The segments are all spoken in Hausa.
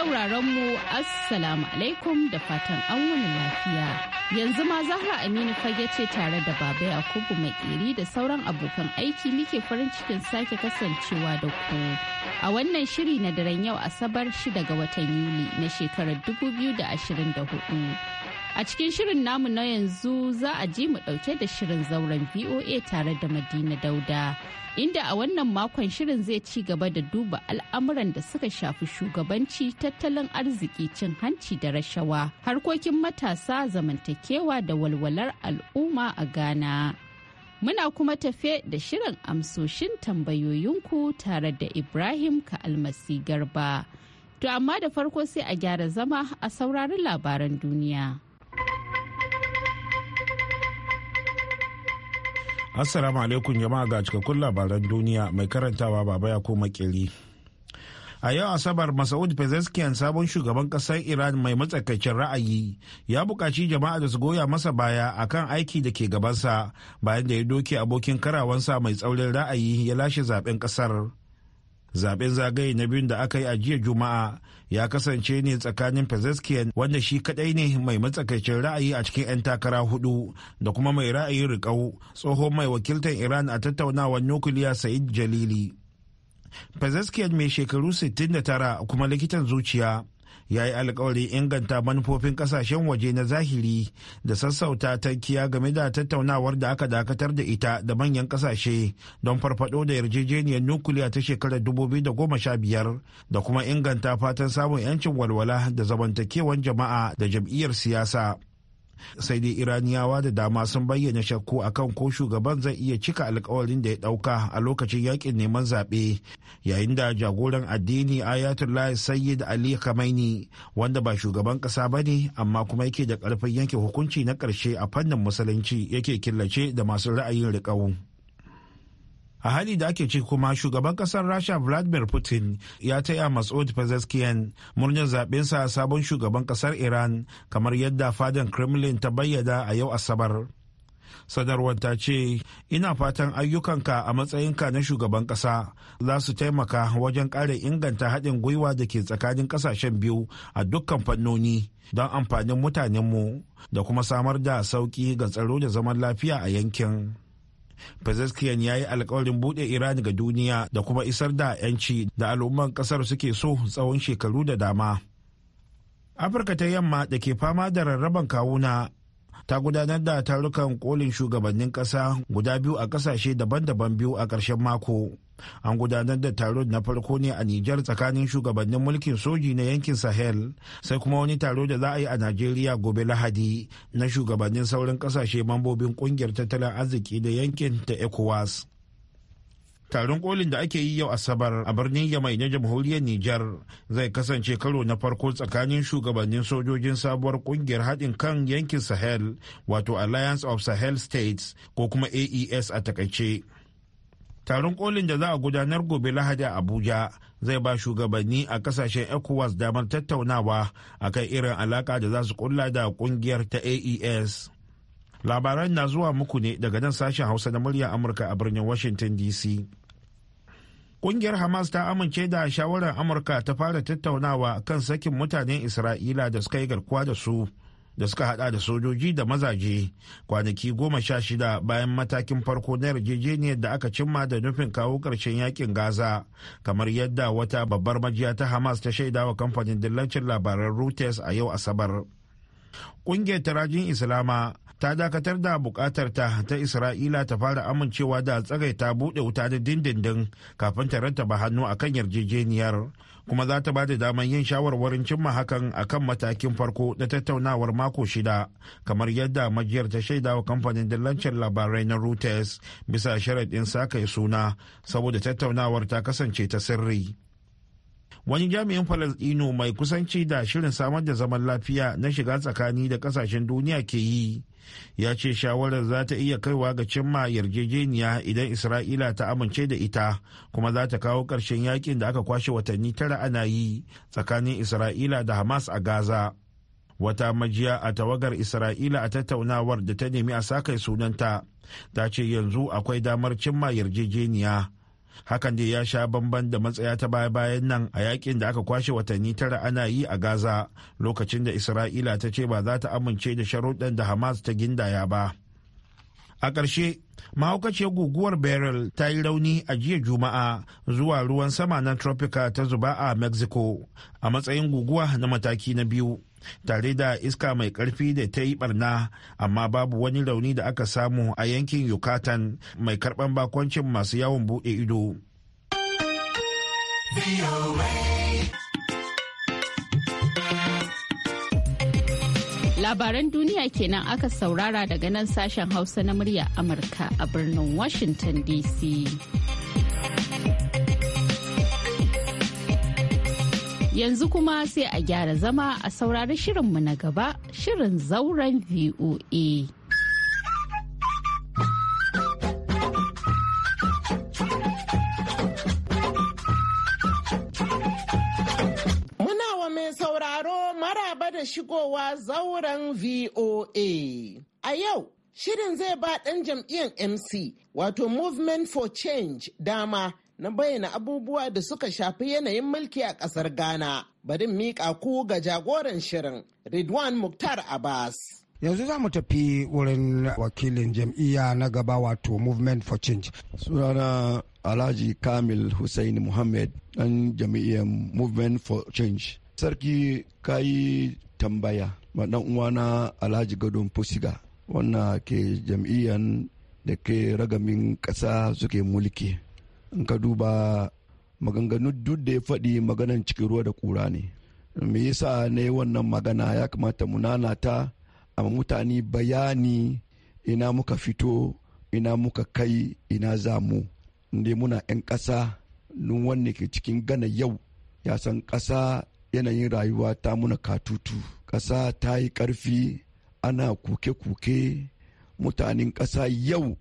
sauraron mu assalamu alaikum da fatan an wani lafiya. Yanzu ma Zahra Aminu fage ce tare da Baba Yakubu mai Makeri da sauran abokan aiki muke farin cikin sake kasancewa da ku. A wannan shiri na daren yau Asabar 6 ga watan Yuli na shekarar 2024. A cikin shirin namu na yanzu za a ji mu ɗauke da shirin zauren VOA tare da Madina Dauda, inda a wannan makon shirin zai ci gaba da duba al'amuran da suka shafi shugabanci, tattalin arziki, cin hanci da rashawa, harkokin matasa, zamantakewa da walwalar al'umma a Ghana. Muna kuma tafe da shirin amsoshin tambayoyinku tare da Ibrahim ka almasi Garba. To amma da farko sai a gyara zama a saurari labaran duniya. Assalamu alaikum jama'a ga cikakkun labaran duniya mai karantawa baba ya koma kiri. A yau Asabar Masaud Pezeskiyan sabon shugaban kasar Iran mai matsakaicin ra'ayi ya buƙaci jama'a da su goya masa baya akan aiki da ke gabansa bayan da ya doke abokin karawansa mai tsaurin ra'ayi ya lashe zaben ƙasar. zaben zagaye na biyun da aka yi a jiya juma'a ya kasance ne tsakanin pezeskiyan wanda shi kadai ne mai matsakaicin ra'ayi a cikin 'yan takara hudu da kuma mai ra'ayin riƙau tsohon mai wakiltar iran a tattaunawar nukiliya sa'id jalili pezeskiyan mai shekaru 69 kuma likitan zuciya ya yi alkawari inganta manufofin kasashen waje na zahiri da sassauta tankiya game da tattaunawar da aka dakatar da ita da manyan kasashe don farfado da yarjejeniyar nukuliya ta shekarar 2015 da kuma inganta fatan samun 'yancin walwala da zamantakewan jama'a da jam'iyyar siyasa. sai dai iraniyawa da dama sun bayyana shakku akan ko shugaban zai iya cika alkawarin da ya dauka a lokacin yakin neman zaɓe yayin da jagoran addini ayatollah sayyid ali khamenei wanda ba shugaban ƙasa ba ne amma kuma yake da ƙarfin yanke hukunci na ƙarshe a fannin musulunci yake killace da masu ra'ayin riƙau. a hali da ake ciki kuma shugaban kasar rasha vladimir putin ya taya masud pezeskiyan murnar zaɓensa sabon shugaban kasar iran kamar yadda fadan kremlin ta bayyana a yau asabar Sanarwar ta ce ina fatan ayyukanka a matsayinka na shugaban ƙasa za su taimaka wajen ƙara inganta haɗin gwiwa da ke tsakanin ƙasashen biyu a dukkan fannoni don amfanin mutanenmu da kuma samar da sauƙi ga tsaro da zaman lafiya a yankin. Pezeskiyan ya yi alkawarin buɗe Iran ga duniya da kuma isar da 'yanci da al'umman ƙasar suke so tsawon shekaru da dama. Afirka ta yamma da ke fama da rarraban kawuna ta gudanar da tarukan kolin shugabannin ƙasa guda biyu a ƙasashe daban-daban biyu a ƙarshen mako. An gudanar da taro na farko ne a Nijar tsakanin shugabannin mulkin soji na yankin Sahel, sai kuma wani taro da za a yi a Najeriya gobe Lahadi na shugabannin sauran ƙasashe mambobin ƙungiyar tattalin arziki da yankin ta ECOWAS. taron kolin da ake yi yau asabar a birnin yamai na jamhuriyar nijar zai kasance karo na farko tsakanin shugabannin sojojin sabuwar kungiyar haɗin kan yankin sahel wato alliance of sahel states ko kuma aes a takaice taron kolin da za a gudanar gobe lahadi a abuja zai ba shugabanni a kasashen ecowas damar tattaunawa a akan irin alaka da za su kulla da kungiyar ta aes labaran na zuwa muku ne daga nan sashen hausa na murya amurka a birnin washington dc Ƙungiyar Hamas ta amince da shawarar Amurka ta fara tattaunawa kan sakin mutanen Isra'ila da suka yi garkuwa da su da suka hada da sojoji da mazaje kwanaki goma sha shida bayan matakin farko na yarjejeniyar da aka cimma da nufin kawo ƙarshen yakin gaza kamar yadda wata babbar majiya ta hamas ta shaida wa kamfanin dillancin labaran reuters a yau asabar ƙungiyar tarajin islama ta dakatar da bukatar ta ta isra'ila ta fara amincewa da ta buɗe wuta da dindindin kafin ta rattaba hannu a kan yarjejeniyar kuma za ta ba da damar yin shawarwarin cimma hakan a kan matakin farko na tattaunawar mako shida kamar yadda majiyar ta shaida wa kamfanin dillancin labarai na reuters bisa sharaɗin sakai suna saboda tattaunawar ta kasance ta sirri wani jami'in Falasɗino mai kusanci da shirin samar da zaman lafiya na shiga tsakani da kasashen duniya ke yi ya ce shawarar za ta iya kaiwa ga cimma yarjejeniya idan isra'ila ta amince da ita kuma za ta kawo ƙarshen yakin da aka kwashe watanni tara ana yi tsakanin isra'ila da hamas a gaza wata majiya a tawagar isra'ila a tattaunawar da ta nemi a sakai sunanta ta ce yanzu akwai damar cimma yarjejeniya hakan dai ya sha bamban da matsaya ta baya-bayan nan a yakin da aka kwashe watanni tara ana yi a gaza lokacin da isra'ila ta ce ba za ta amince da sharuɗan da hamas ta gindaya ba a ƙarshe mahaukaciyar guguwar beryl ta yi rauni a jiya juma'a zuwa ruwan sama na tropica ta zuba a mexico a matsayin guguwa na mataki na biyu tare da iska mai karfi da ta yi barna amma babu wani rauni da aka samu a yankin yukatan mai karban bakoncin masu yawon bude ido labaran duniya kenan aka saurara daga nan sashen hausa na murya amurka a birnin washington dc Yanzu kuma sai a gyara zama a saurari shirinmu na gaba shirin zauren VOA. Muna wa mai maraba da shigowa zauren VOA. A yau shirin zai ba ɗan jam'iyyar MC wato Movement for Change dama na bayyana abubuwa da suka shafi yanayin mulki a ƙasar Ghana. Bari miƙa ku ga jagoran shirin Ridwan Muktar Abbas. yanzu za mu tafi wurin wakilin jam'iyya na gaba wato movement for change sunana alhaji kamil hussein muhammad dan jam'iyyar movement for change sarki kayi tambaya ma dan uwana alhaji gadon fusiga wannan ke jam'iyyar da ke ragamin ƙasa suke mulki in ka duba maganganu duk da ya faɗi maganan cikin ruwa da ƙura ne me yasa na yi wannan magana ya kamata mu nanata amma mutane bayani ina muka fito ina muka kai ina za mu inda muna 'yan ƙasa nun wanne ke cikin gana yau ya san ƙasa yanayin rayuwa ta muna katutu ƙasa ta yi ƙarfi ana kuke-kuke mutanen ƙasa yau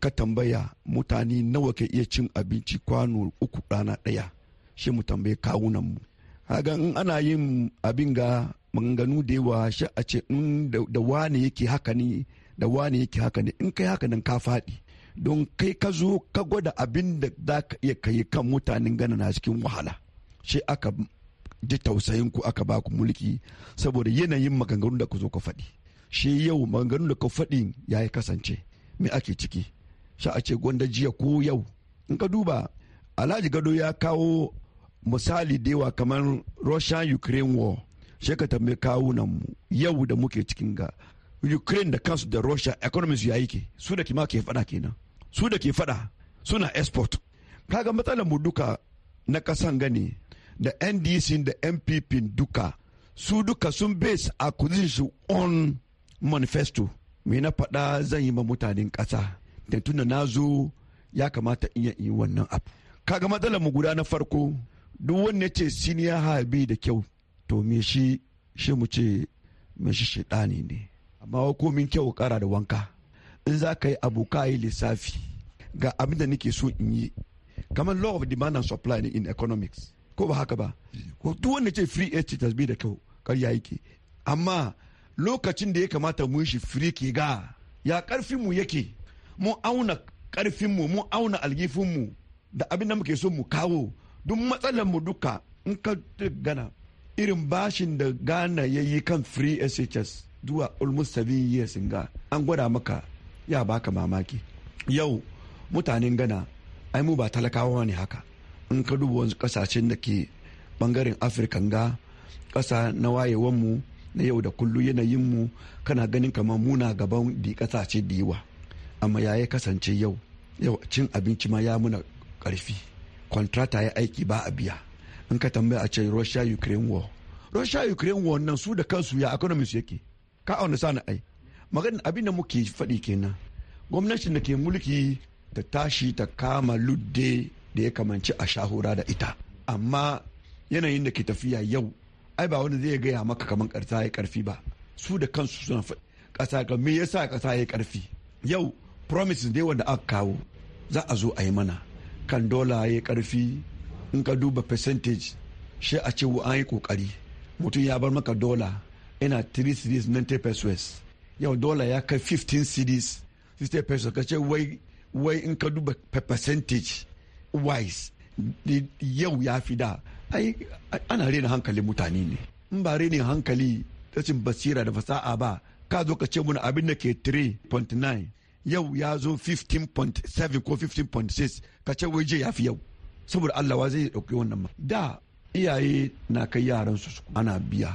ka tambaya mutane nawa ka iya cin abinci kwano uku rana ɗaya shi mu tambaye kawunan mu haga in ana yin abin ga maganganu da yawa shi a ce in da wane yake haka ne da wane yake haka ne in kai haka nan ka faɗi don kai ka zo ka gwada abin da za ka iya kai kan mutanen gana na cikin wahala shi aka ji tausayin ku aka baku mulki saboda yanayin maganganu da ku zo ka faɗi shi yau maganganu da ka faɗi ya yi kasance me ake ciki sha a ce gwanda jiya ko yau in ka duba alhaji gado ya kawo misali da kamar russian ukraine war sai ka tambaye kawunan mu yau da muke cikin ga ukraine da kansu da russia economy su yayi ke su da kima ke fada kenan su da ke fada suna export kaga matsalar mu duka na kasan gani da ndc da mpp duka su duka sun base acquisition on manifesto me na faɗa zan yi ma mutanen ƙasa da tunda na zo ya kamata in yi wannan abu kaga matsalar mu guda na farko duk wanda ce siniya habi da kyau to me shi shi mu ce me shi shedani ne amma min kyau kara da wanka in za ka yi abu yi lissafi ga abin da nake so in yi kamar law of demand and supply in economics ko ba haka ba ko duk wanda ce free aid has da kyau kar ya yake amma lokacin da ya kamata mu shi free ke ga ya karfi mu yake mu auna karfinmu mu auna algifinmu da abin da muke so mu kawo duk matsalar mu duka in ka gana irin bashin da ghana ya yi kan free shs zuwa almost 7 years ga an gwada maka ya baka mamaki yau mutanen gana ai mu ba talakawa ne haka in ka duba wasu kasashen da ke bangaren afirka ga kasa na wayewanmu na yau da kullu yanayinmu kana ganin kamar muna gaban di kasashe da yawa amma ya ya kasance yau yau cin abinci ma ya muna karfi kontrata ya aiki ba a biya in ka tambaya a ce russia ukraine war russia ukraine war nan su da kansu ya economy su yake ka auna sana ai magana abin da muke faɗi kenan gwamnatin da ke mulki ta tashi ta kama ludde da ya kamanci a shahura da ita amma yanayin da ke tafiya yau ai ba wani zai gaya maka kamar ƙarsa karfi ba su da kansu suna faɗi ƙasa ga me yasa ƙasa ya karfi yau promises dai wanda aka kawo za a zo a yi mana kan dola ya karfi in ka duba percentage shi a ce an yi kokari mutum ya bar maka dola yana 3 cities 90 pesos yau dola ya kai 15 cities 60 pesos ka ce wai wai in ka duba percentage wise yau ya fi da ai ana rena hankali mutane ne in ba rena hankali tashin basira da fasa'a ba ka zo ka ce mun abin da ke 3.9 yau ya zo 15.7 ko 15.6 ka ce waje ya fi yau saboda Allah wa zai dauki wannan ma da iyaye na kai yaran su ana biya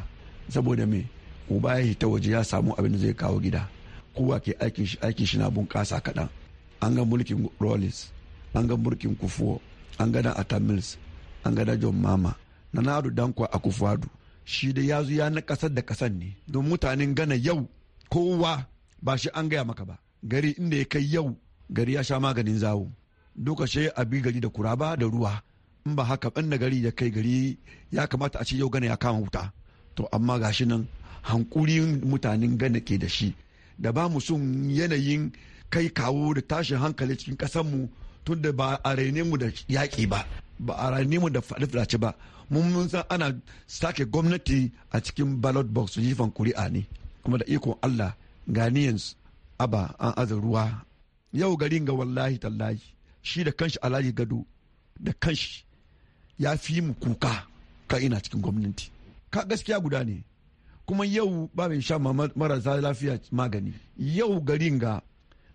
saboda me uba ya hita waje ya samu abin da zai kawo gida kowa ke aikin shi aikin shi na bunƙasa kaɗan an ga mulkin rollins an ga mulkin kufuwa an ga na atamils an ga john mama na nadu dankwa a kufuadu shi da ya zo ya na kasar da kasar ne don mutanen gana yau kowa ba shi an gaya maka ba gari inda ya kai yau gari ya sha maganin zawo duka a bi gari da kuraba da ruwa in ba haka ban gari ya kai gari ya kamata a ce yau gana ya kama wuta to amma gashi nan hankurin mutanen gana ke da shi da ba mu sun yanayin kai kawo da tashin hankali cikin kasanmu tun da ba a raine mu da yaƙi ba ba a raine mu da faɗi ba mun mun san ana sake gwamnati a cikin ballot box jifan kuri'a ne kuma da ikon Allah ganiyansu aba an aza ruwa yau garin ga wallahi tallahi shi da kanshi alhaji gado da kanshi ya fi mu kuka ka ina cikin gwamnati ka gaskiya guda ne kuma yau ba sha marasa lafiya magani yau garin ga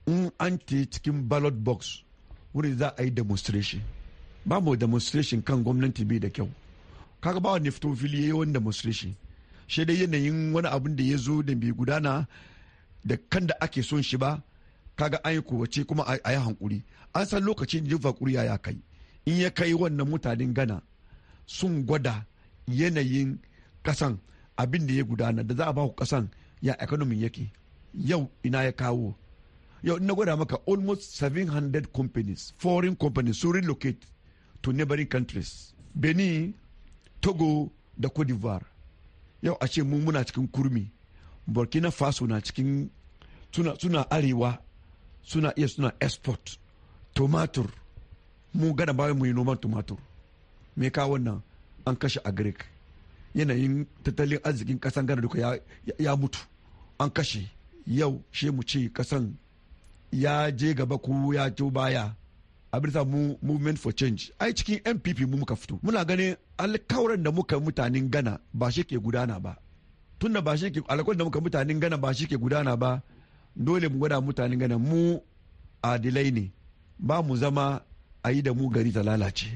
in an te cikin ballot box wuri za a yi demonstration ba mu demonstration kan gwamnati bai da kyau kaga ba wani fito fili yi wani demonstration shi dai yanayin wani abin da ya zo da bai gudana da kan da ake son shi ba kaga an yi kowace kuma a yi hankuri an san lokacin jin kuriya ya kai in ya kai wannan mutanen gana sun gwada yanayin kasan abin da ya gudana da za a ba ku kasan ya economy yake yau ina ya kawo yau ina gwada maka almost 700 companies foreign companies su relocate to neighboring countries benin togo da cote d'ivoire yau a ce mu muna cikin kurmi burkina faso na cikin suna, suna arewa suna iya suna export tomatur mu gada bayan mu yi noman tomatur me ka wannan an kashe a greek yanayin tattalin arzikin kasan gana duka ya, mutu an kashe yau she mu ce kasan ya je gaba ko ya ce baya a sa mu movement for change ai cikin npp mu muka fito muna ganin alkawuran da muka mutanen gana ba shi ke gudana ba tunda ba shi ke alakwai da muka mutanen gana ba shi ke gudana ba dole mu gwada mutanen gana mu adilai ne ba mu zama a yi da mu gari ta lalace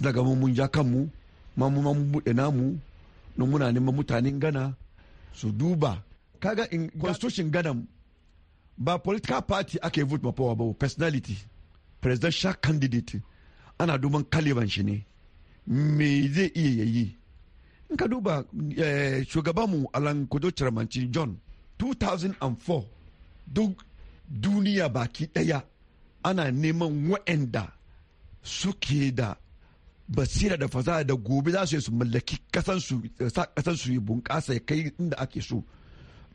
daga mu mun ja kanmu ma mu ma mu buɗe namu don muna neman mutanen gana su duba kaga in constitution gana ba political party ake vote ma power ba personality presidential candidate ana duban kaliban shi ne me zai iya yayi in ka duba eh, shugabanmu alan kudo ciramanci john 2004 duk duniya baki daya ana neman wa'anda suke da basira da fasaha da gobe za su yi su mallaki kasansu sa kasansu ya bunƙasa kai inda ake so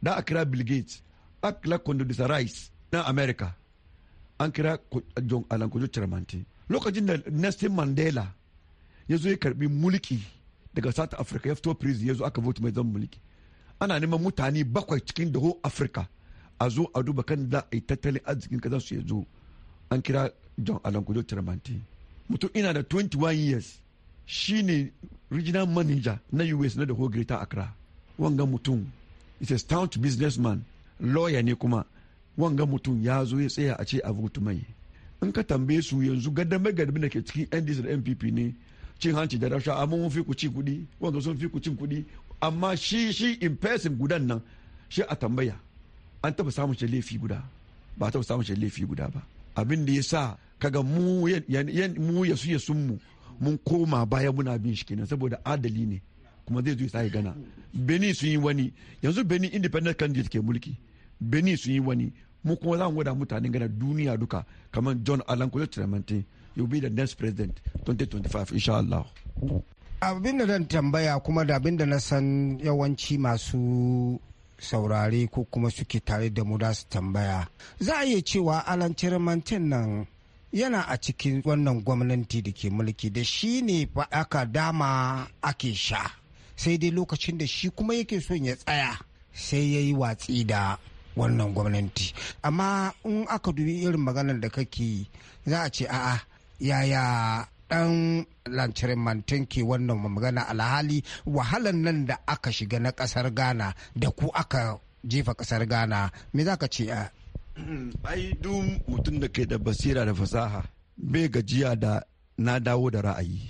da a kira bill gates a kira condoleezza rice na america an kira john alan kudo ciramanci lokacin da nelson mandela ya zo ya karbi mulki daga south africa ya fito prison ya zo aka vote mai zan mulki ana neman mutane bakwai cikin da afirka a zo a duba kan da a yi tattalin arzikin ka su ya zo an kira john alan kudo tiramanti mutum ina da 21 years shine regional manager na us na da whole greater accra wanga mutum is a stout businessman lawyer ne kuma wanga mutum ya zo ya tsaya a ce a vote mai in ka tambaye su yanzu gadame gadame da ke cikin ndc da npp ne cin hanci da rasha amma mun fi ku ci kuɗi wanda sun fi ku cin kuɗi amma shi shi in person gudan nan shi a tambaya an taɓa samun shi laifi guda ba taɓa samun shi laifi guda ba abin da ya sa kaga mu mu ya su ya mu mun koma baya muna bin shi kenan saboda adali ne kuma zai zo ya sai gana beni sun yi wani yanzu beni independent candidate ke mulki beni sun yi wani mu kuma za mu gwada mutanen gana duniya duka kamar john allen kuzo tiramantin you be the next president 2025 Allah. abin da zan tambaya kuma da abin da na san yawanci masu saurare ko kuma suke tare da mu da su tambaya za a iya cewa alan cirmantin nan yana a cikin wannan gwamnati da ke mulki da shi ne fa aka dama ake sha sai dai lokacin da shi kuma yake son ya tsaya sai ya yi watsi da wannan gwamnati amma in aka dubi irin maganar da kake za a ce a'a yaya dan lancirin ke wannan magana alhali wahalan nan da aka shiga na kasar ghana da ku aka jefa kasar ghana me za ka ce a ai duk mutum da ke da basira da fasaha bai gajiya da na dawo da ra'ayi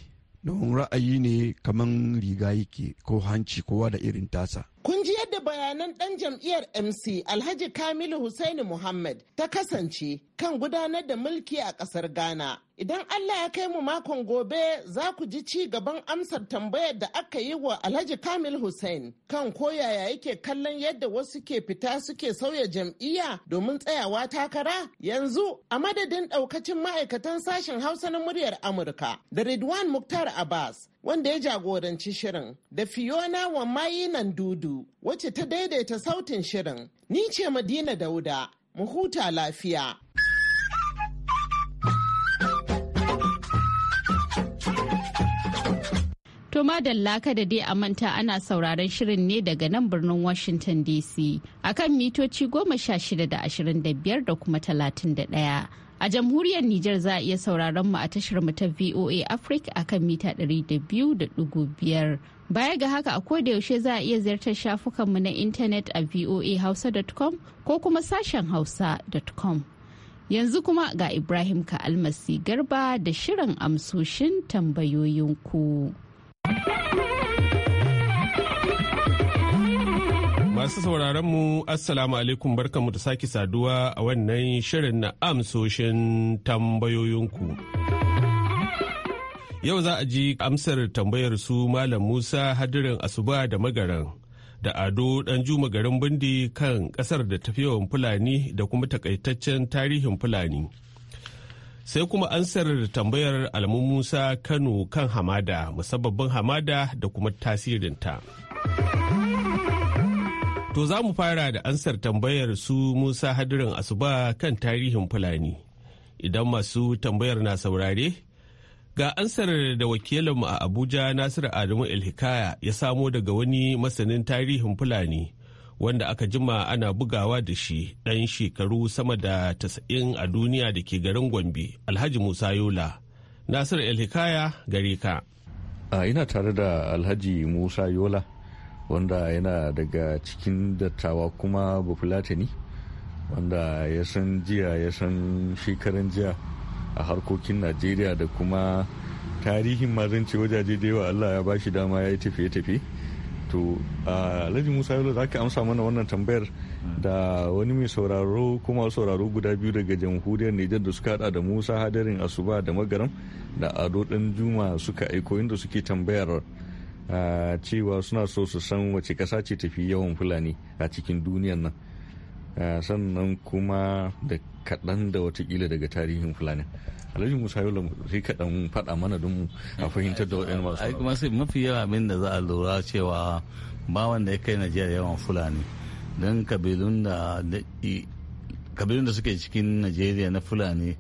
don ra'ayi ne kaman riga yake ko hanci kowa da irin tasa Kun ji yadda bayanan ɗan jam'iyyar MC Alhaji Kamilu Hussaini Muhammad ta kasance kan gudanar da mulki a ƙasar Ghana. Idan Allah ya kai mu makon gobe za ku ji ci gaban amsar tambayar da aka yi wa Alhaji Kamil Hussein kan koyaya yake kallon yadda wasu ke fita suke sauya jam'iyya domin tsayawa takara yanzu a madadin ɗaukacin ma'aikatan sashen Hausa na muryar Amurka da Ridwan Muktar Abbas wanda ya jagoranci shirin da Fiona Wamayi dudu. Wace wacce ta daidaita sautin shirin. Ni ce Madina Dauda, mu huta lafiya. To madalla da dai a manta ana sauraron shirin ne daga nan birnin Washington DC a kan mitoci goma sha shida da ashirin da biyar da kuma talatin da ɗaya. A jamhuriyar Nijar za a iya sauraron mu a tashar mu ta VOA Africa a kan mita ɗari da Baya ga haka a yaushe za a iya ziyartar shafukanmu na intanet a voahausa.com ko kuma sashen hausa.com. Yanzu kuma ga Ibrahim ka almasi Garba da shirin amsoshin tambayoyinku. Masu sauraron mu Assalamu alaikum barkanmu da sake saduwa a wannan shirin na amsoshin tambayoyinku. Yau za a ji amsar tambayar su Malam Musa Hadirin Asuba da Magaran da Ado juma garin Bindi kan ƙasar da tafiyawan Fulani da kuma takaitaccen tarihin Fulani. Sai kuma ansar tambayar Alamu Musa Kano kan hamada, musabbabin hamada da kuma tasirinta. To za mu fara da ansar tambayar su Musa Hadirin Asuba kan tarihin Fulani. Idan masu tambayar na saurare, Ga ansar da wakilinmu a Abuja Nasiru Adamu Elhikaya ya samo daga wani masanin tarihin Fulani wanda aka jima ana bugawa da shi ɗan shekaru sama da tasa'in a duniya da ke garin Gombe, Alhaji Musa Yola. Nasiru Elhikaya gare ka. ina tare da Alhaji Musa Yola wanda yana daga cikin dattawa kuma Bafulatani wanda ya san jiya ya san shekaran jiya. a harkokin najeriya da kuma tarihin mazance wajaje da yawa allah ya bashi dama ya yi tafiye-tafiye to alhaji musa yalo za ka amsa mana wannan tambayar da wani mai sauraro kuma sauraro guda biyu daga jamhuriyar nijar da suka hada da musa hadarin asuba da magaram da ado dan juma suka aiko inda suke tambayar cewa suna so su san wace kasa ce tafi yawan fulani a cikin duniyar nan sannan kuma da kaɗan da watakila daga tarihin fulani alhaji musa yau sai kaɗan faɗa mana don a fahimtar da waɗannan masu kuma sai mafi yawa abin da za a lura cewa ba wanda ya kai najeriya yawan fulani don kabilun da suke cikin najeriya na fulani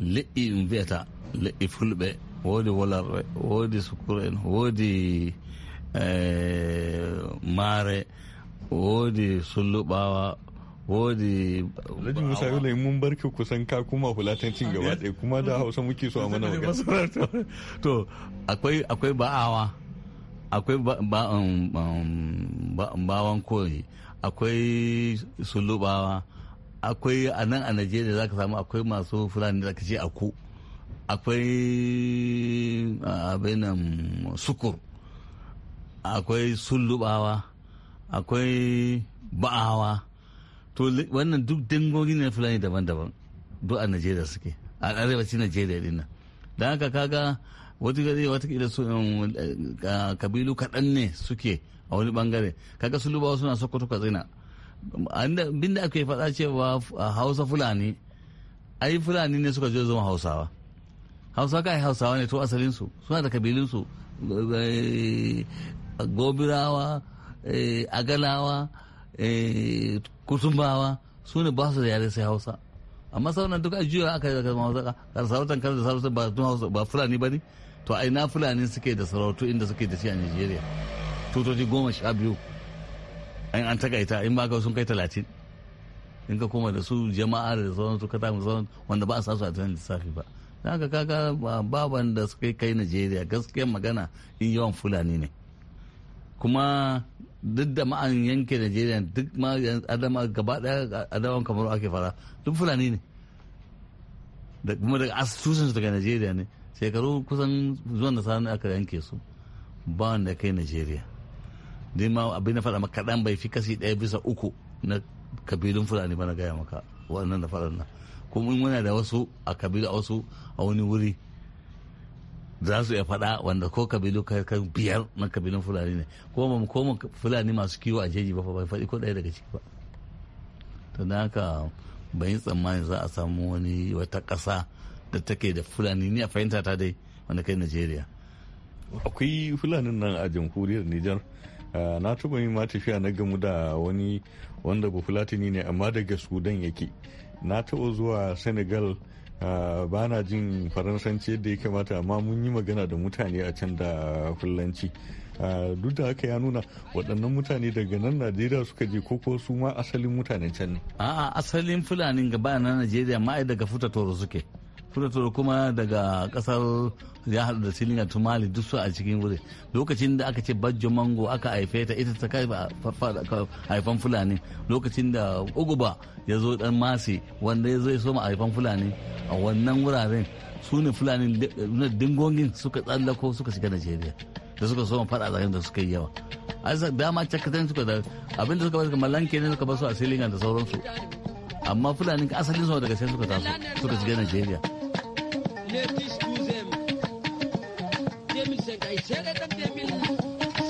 li'i mbeta li'i fulbe wodi walarbe wodi sukure wodi eh, mare wodi sulubawa. wodi alhaji musa yau mun barke kusan ka kuma hulatan cin gaba ɗaya kuma da hausa muke so a mana magana to akwai akwai ba'awa akwai um, um, bawan kori akwai sulubawa akwai a nan a najeriya za ka samu akwai masu fulani da ka ce a ku akwai abinan sukur akwai sulubawa akwai ba'awa to wannan duk dangogi ne fulani daban-daban duk a najeriya suke a arewacin najeriya din nan don haka kaga wata gari watakila su um, eh, ah, kabilu kaɗan ne suke a wani bangare kaga su lubawa suna sokoto katsina bin da aka faɗa cewa ah, hausa fulani ai fulani ne suka je zama hausawa hausa kai hausawa ne to asalinsu suna da su eh, eh, gobirawa agalawa Eh, kusumbawa su ne ba su da yare sai hausa amma sauran duk ajiyoyi aka yi da kasar hausa kar sarautan kar da sarautan ba tun hausa ba fulani ba ne to a ina fulani suke da sarautu inda suke da shi a nigeria tutoci goma sha biyu an takaita in ba ka sun kai talatin in ka koma da su jama'a da sauran su kata sauran wanda ba a sasu a tunan lissafi ba da haka kaga baban da suka kai nigeria gaskiyar magana in yawan Fulani ne kuma duk da ma'an yanke Najeriya duk ma adama gaba daya adawan kamar ake fara duk fulani ne da kuma daga asusun daga Najeriya ne shekaru kusan zuwan da sani aka yanke su ba wanda kai Najeriya dai ma abin na fara maka kaɗan bai fi kasi ɗaya bisa uku na kabilun fulani ba na gaya maka wannan da faɗa nan kuma in muna da wasu a kabila wasu a wani wuri za su iya faɗa wanda ko kabilu kan biyar na kabilun fulani ne ko mu ko fulani masu kiwo a jeji ba fa bai faɗi ko ɗaya daga ciki ba to da haka ban tsammani za a samu wani wata ƙasa da take da fulani ni a fahimta ta dai wanda kai Najeriya akwai fulanin nan a jamhuriyar Nijar na tuba ma tafiya na gamu da wani wanda ba fulatini ne amma daga Sudan yake na taɓa zuwa Senegal Ah, ba na jin faransanci yadda ya kamata amma mun yi magana da mutane a can da kullanci ah, duk da haka ya nuna waɗannan mutane daga nan najeriya suka je koko su ma asalin mutanen can ne a'a asalin fulanin gaba na najeriya ma'ai daga futa toro suke furotoro kuma daga kasar ya haɗu da silinya tumali duk su a cikin wuri lokacin da aka ce bajjo mango aka haife ta ita ta kai haifan fulani lokacin da uguba ya zo dan masi wanda ya zo ya soma haifan fulani a wannan wuraren su ne fulani dingongin suka tsallako suka shiga najeriya da suka soma fada zagayen da suka yi yawa a dama cakatan suka da abinda suka basu lanke ne suka basu a silinya da sauransu amma fulani asalin su daga sai suka taso suka shiga najeriya let us do them. Them is that I said that them will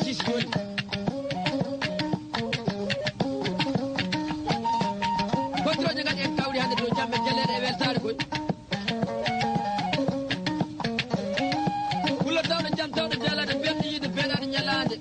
this one. Kulla tawna jam tawna jala de bendi de benar nyalande.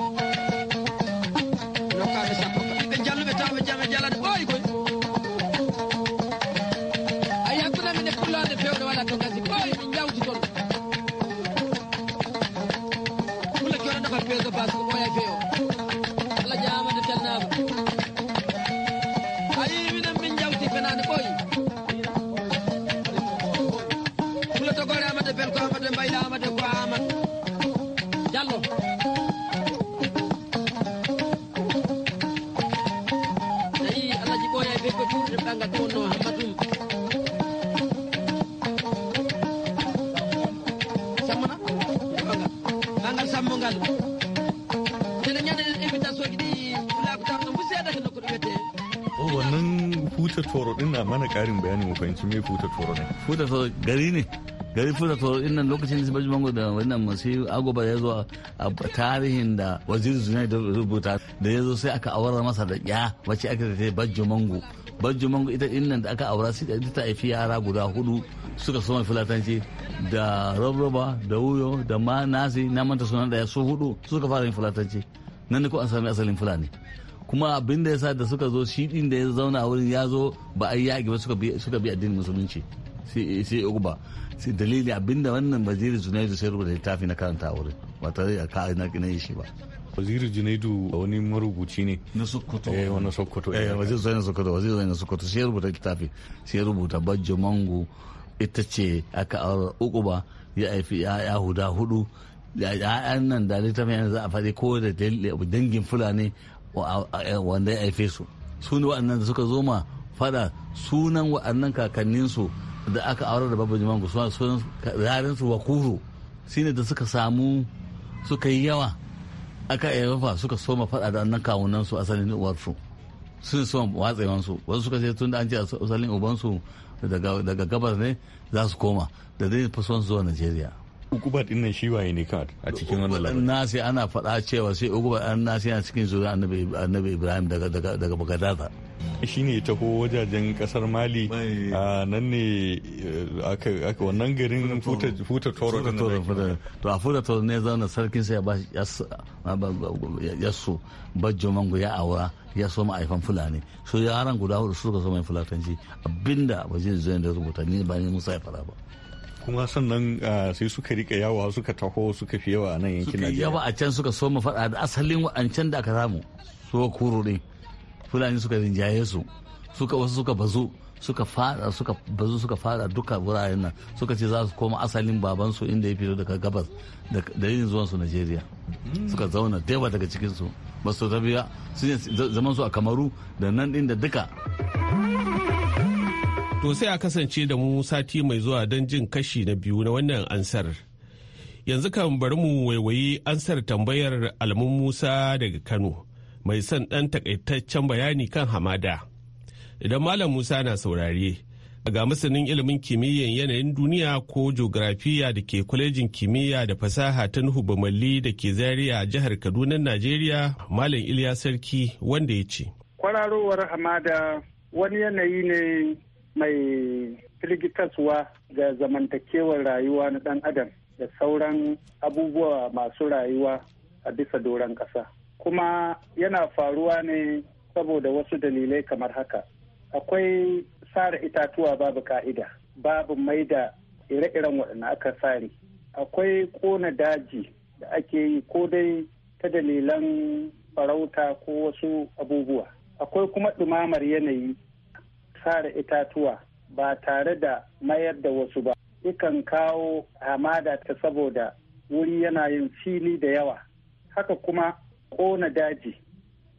karin bayani mu fahimci me futa toro ne futa toro gari ne gari futa toro din nan lokacin da baji mango da wannan masu agoba ya zo a tarihin da waziri zunai da rubuta da ya zo sai aka awar masa da ya wace aka ta baji mango baji mango ita din nan da aka aura sai ta haifi yara guda hudu suka soma fulatanci da rabroba da wuyo da ma nasi na manta sunan da ya su hudu suka fara yin fulatanci nan ne ko an sami asalin fulani kuma abin da sa da suka zo shi din da ya zauna wurin ya zo ba a yaƙi ba suka bi addinin musulunci sai uba sai dalili abinda wannan waziri junaidu sai rubuta littafi na karanta a wurin ba tare da ka na yi shi ba waziri junaidu wani marubuci ne na sokoto eh wani sokoto eh, eh. waziri zai na sokoto waziri zai na sokoto sai rubuta littafi sai rubuta bajjo mango ita ce aka aure uku ba ya haifi ya huda hudu ya'yan nan da littafin yanzu za a faɗi ko da dangin fulani Eh, wanda ya haife su su ne wa'annan da suka zo ma fada sunan wa'annan kakanninsu da aka aurar da babu jimangu sunan su wakuru ne da suka samu suka yi yawa aka yawa suka soma fada da annan kawunansu asalin uwarsu ne soma su wasu suka ce tun da an ce asalin ubansu daga gabas ne za su koma da dai fi zuwa najeriya ukuba din nan shi waye ne kawai a cikin wannan labarin nasi ana faɗa cewa sai ukuba an nasi yana cikin zuwa annabi annabi ibrahim daga daga daga bagadaza shi ne taho wajajen kasar mali a nan ne eh, aka wannan garin futa toro to a futa toro ne zauna sarkin sai ya so bajjo mango ya aura ya so ma'aifan fulani so yaran guda hudu suka so mai fulatanci abinda wajen zai da rubuta ni ba ni musa ya fara ba kuma sannan ah, sai suka rika yawa suka taho suka fi yawa a nan yankin Najeriya yawa a can suka soma faɗa da asalin wa'ancan da aka samu su kuro ne fulani suka rinjaye su suka wasu suka bazu suka fada suka bazu suka fada duka wuraren nan suka ce za su koma asalin babansu inda ya fito daga gabas da dalilin zuwan su Najeriya suka zauna daiwa daga cikin su ba su tafiya su zaman su a Kamaru da nan din da duka To sai a kasance da mu sati mai zuwa don jin kashi na biyu na wannan ansar. Yanzu kan bari mu waiwayi ansar tambayar alamun Musa daga Kano, mai son ɗan takaitaccen bayani kan hamada. Idan Malam Musa na saurare, ga masanin ilimin kimiyyar yanayin duniya ko geografiya da ke kwalejin kimiyya da fasaha ta Nuhu Bamalli da ke Zaria jihar Kaduna, Najeriya, Malam Iliya Sarki wanda ya ce. Kwararowar hamada wani yanayi ne mai firgitaswa ga zamantakewar rayuwa na ɗan adam da sauran abubuwa masu rayuwa a bisa doron ƙasa kuma yana faruwa ne saboda wasu dalilai kamar haka akwai sare itatuwa babu ka'ida babu mai da ire-iren waɗanda aka sare akwai kona daji da ake yi ko dai ta dalilan farauta ko wasu abubuwa akwai kuma ɗumamar yanayi sare itatuwa ba tare da mayar da wasu ba yakan kawo hamada ta saboda wuri yana yin fili da yawa haka kuma ƙona daji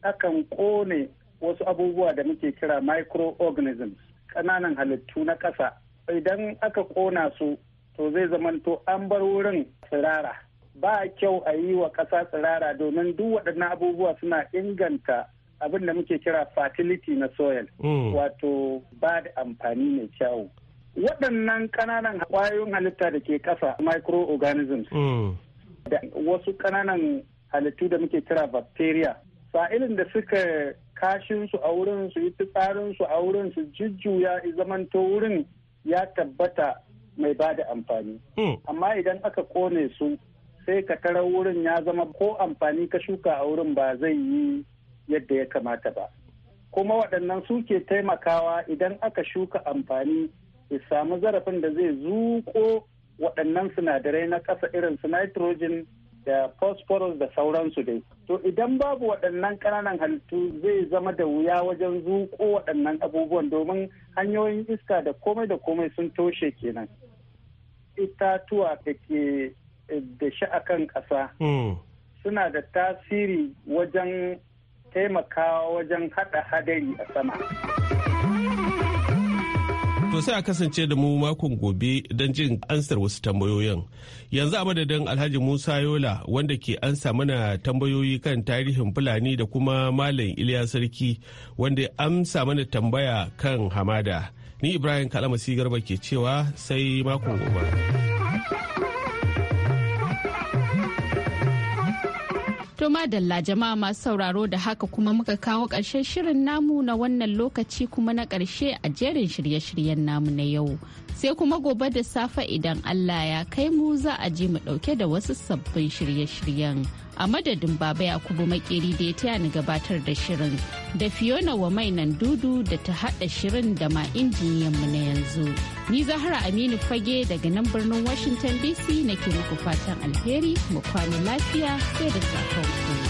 akan ƙone wasu abubuwa da muke kira microorganisms ƙananan halittu na ƙasa idan aka ƙona su to zai zamanto an bar wurin tsirara ba kyau a yi wa ƙasa tsirara domin duk waɗannan abubuwa suna inganta abin da muke kira fertility na soil hmm. wato ba da amfani mai kyawu waɗannan ƙananan ƙwayoyin halitta da ke ƙasa microorganisms hmm. da wasu ƙananan halittu da muke kira bacteria sa'ilin da suka kashin su a wurin su yi su a wurin su jujjuya zamanto wurin ya tabbata mai ba da amfani hmm. amma idan aka kone su sai ka tarar wurin ya zama ko amfani ka shuka a wurin ba zai yi yadda ya kamata ba kuma waɗannan suke taimakawa idan aka shuka amfani ya samu zarafin da zai zuƙo waɗannan sinadarai na ƙasa irin su nitrogen da phosphorus da sauransu dai to idan babu waɗannan ƙananan halittu zai zama da wuya wajen zuƙo waɗannan abubuwan domin hanyoyin iska da komai da komai sun toshe kenan itatuwa da ke eh, da shi kan ƙasa hmm. suna da tasiri wajen taimakawa wajen haɗa hadari a sama. To sai a kasance da mu makon gobe don jin ansar wasu tambayoyin. Yanzu a madadin Alhaji Musa Yola wanda ke ansa mana tambayoyi kan tarihin Fulani da kuma Malam Iliya Sarki wanda amsa mana tambaya kan hamada. Ni Ibrahim Kalamasi Garba ke cewa sai makon gobe. To madalla jama'a masu sauraro da haka kuma muka kawo ƙarshen shirin namu na wannan lokaci kuma na ƙarshe a jerin shirye-shiryen namu na yau. sai kuma gobe da safe idan Allah ya kai mu za a je mu dauke da wasu sabbin shirye-shiryen a madadin baba ya yakubu makeri da ya taya ni gabatar da shirin da fiona wa mainan dudu da ta hada shirin da ma injiniyan mu na yanzu ni zahra aminu fage daga nan birnin washington dc nake muku fatan alheri mu kwana lafiya sai da safon ku